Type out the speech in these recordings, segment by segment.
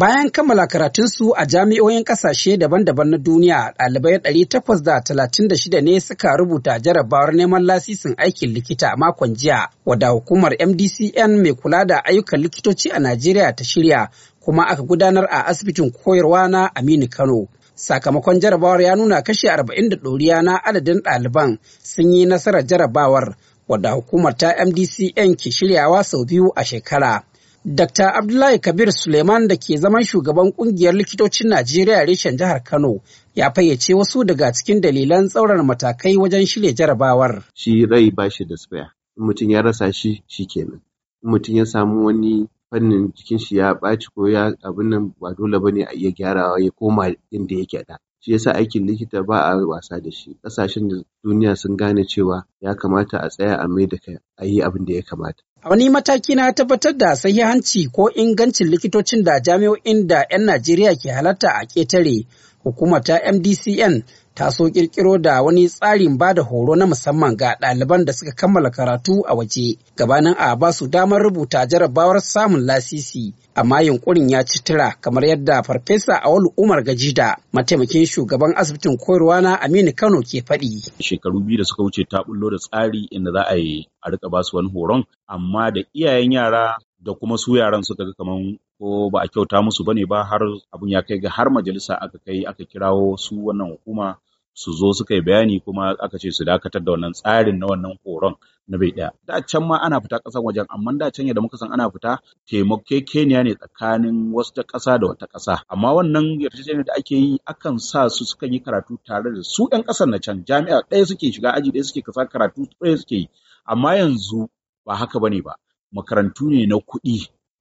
Bayan kammala karatunsu a jami'o'in ƙasashe daban-daban na duniya, ɗalibai ɗari takwas da da talatin shida ne suka rubuta jarabawar neman lasisin aikin likita a makon jiya, wadda hukumar MDCN mai kula da ayyukan likitoci a Najeriya ta shirya kuma aka gudanar a asibitin koyarwa na Aminu Kano. Sakamakon jarabawar ya nuna kashi arba'in da ɗoriya na adadin ɗaliban sun yi nasarar jarabawar, wadda hukumar ta MDCN ke shiryawa sau biyu a shekara. Dr. Abdullahi Kabir Suleiman da ke zaman shugaban kungiyar likitocin Najeriya reshen jihar Kano ya fayyace wasu daga cikin dalilan tsaurar matakai wajen shirya jarabawar. Shi rai ba shi da spare. mutum ya rasa shi shi kenan. In mutum ya samu wani fannin jikin shi ya ɓaci ko ya abin nan ba dole ba ne a iya gyarawa ya koma inda yake da. shi yasa aikin likita ba a wasa da shi ƙasashen duniya sun gane cewa ya kamata a tsaya a mai da kai a yi abin da ya kamata A wani mataki na tabbatar da sahihanci ko ingancin likitocin da jami'o'in da 'yan Najeriya ke halarta a ƙetare, hukumar ta MDCN ta so kirkiro da wani tsarin ba da horo na musamman ga ɗaliban da suka kammala karatu a waje gabanin a ba su damar rubuta jarabawar samun lasisi amma yunkurin ya ci tura kamar yadda farfesa a wani umar gajida mataimakin shugaban asibitin koyarwa na aminu kano ke faɗi. shekaru biyu da suka wuce ta bullo da tsari inda za a yi a rika ba su wani horon amma da iyayen yara da kuma su yaran suka ga kaman ko ba a kyauta musu bane ba har abun ya kai ga har majalisa aka kai aka kirawo su wannan hukuma su zo suka yi bayani kuma aka ce su dakatar da wannan tsarin na wannan horon na bai daya da can ma ana fita kasan wajen amma da can yadda muka san ana fita taimakekeniya ne tsakanin wasu ta kasa da wata kasa amma wannan yarjejeniyar da ake yi akan sa su suka yi karatu tare da su yan kasan na can jami'a ɗaya suke shiga aji ɗaya suke kasa karatu ɗaya suke yi amma yanzu ba haka ne ba makarantu ne na kuɗi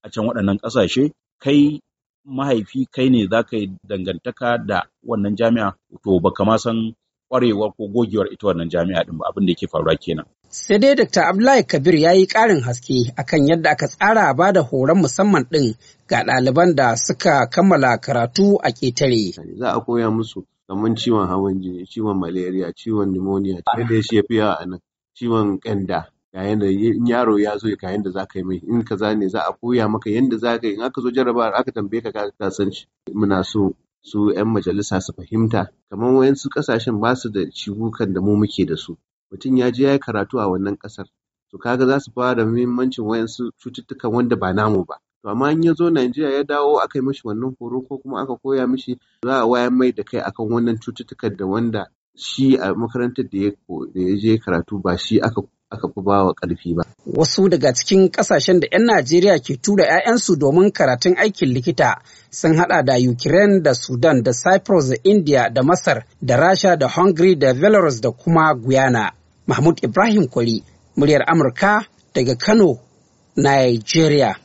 a can waɗannan ƙasashe kai mahaifi kai ne za ka yi dangantaka da wannan jami'a to bakama kama san kwarewar ko gogewar ita wannan jami'a din ba abin da yake faruwa kenan. Sai dai Dr. Abdullahi Kabir ya yi ƙarin haske akan yadda aka tsara ba da horon musamman ɗin ga ɗaliban da suka kammala karatu a ƙetare. Za a koya musu kamar ciwon hawan jini, ciwon malaria, ciwon pneumonia, da ya a nan, ciwon ƙanda. ga da yaro ya zo kayan yanda za ka yi mai in kaza ne za a koya maka yanda za ka yi in aka zo jarrabawar aka tambaye ka ka san shi muna so su 'yan majalisa su fahimta kamar wayansu kasashen ba su da ciwukan da mu muke da su mutum ya je ya yi karatu a wannan kasar to kaga za su fara da muhimmancin wayansu cututtukan wanda ba namu ba to amma in ya zo Najeriya ya dawo aka yi mishi wannan horo ko kuma aka koya mishi za a wayar mai da kai akan wannan cututtukan da wanda shi a makarantar da ya je karatu ba shi aka aka fi bawa ƙarfi ba. Wasu daga cikin ƙasashen da 'yan Najeriya ke tura 'ya'yansu domin karatun aikin likita sun hada da Ukraine da Sudan da Cyprus da India da Masar da Rasha da Hungary da Belarus da kuma Guyana. Mahmud Ibrahim Kwari, muryar Amurka daga Kano, Nigeria.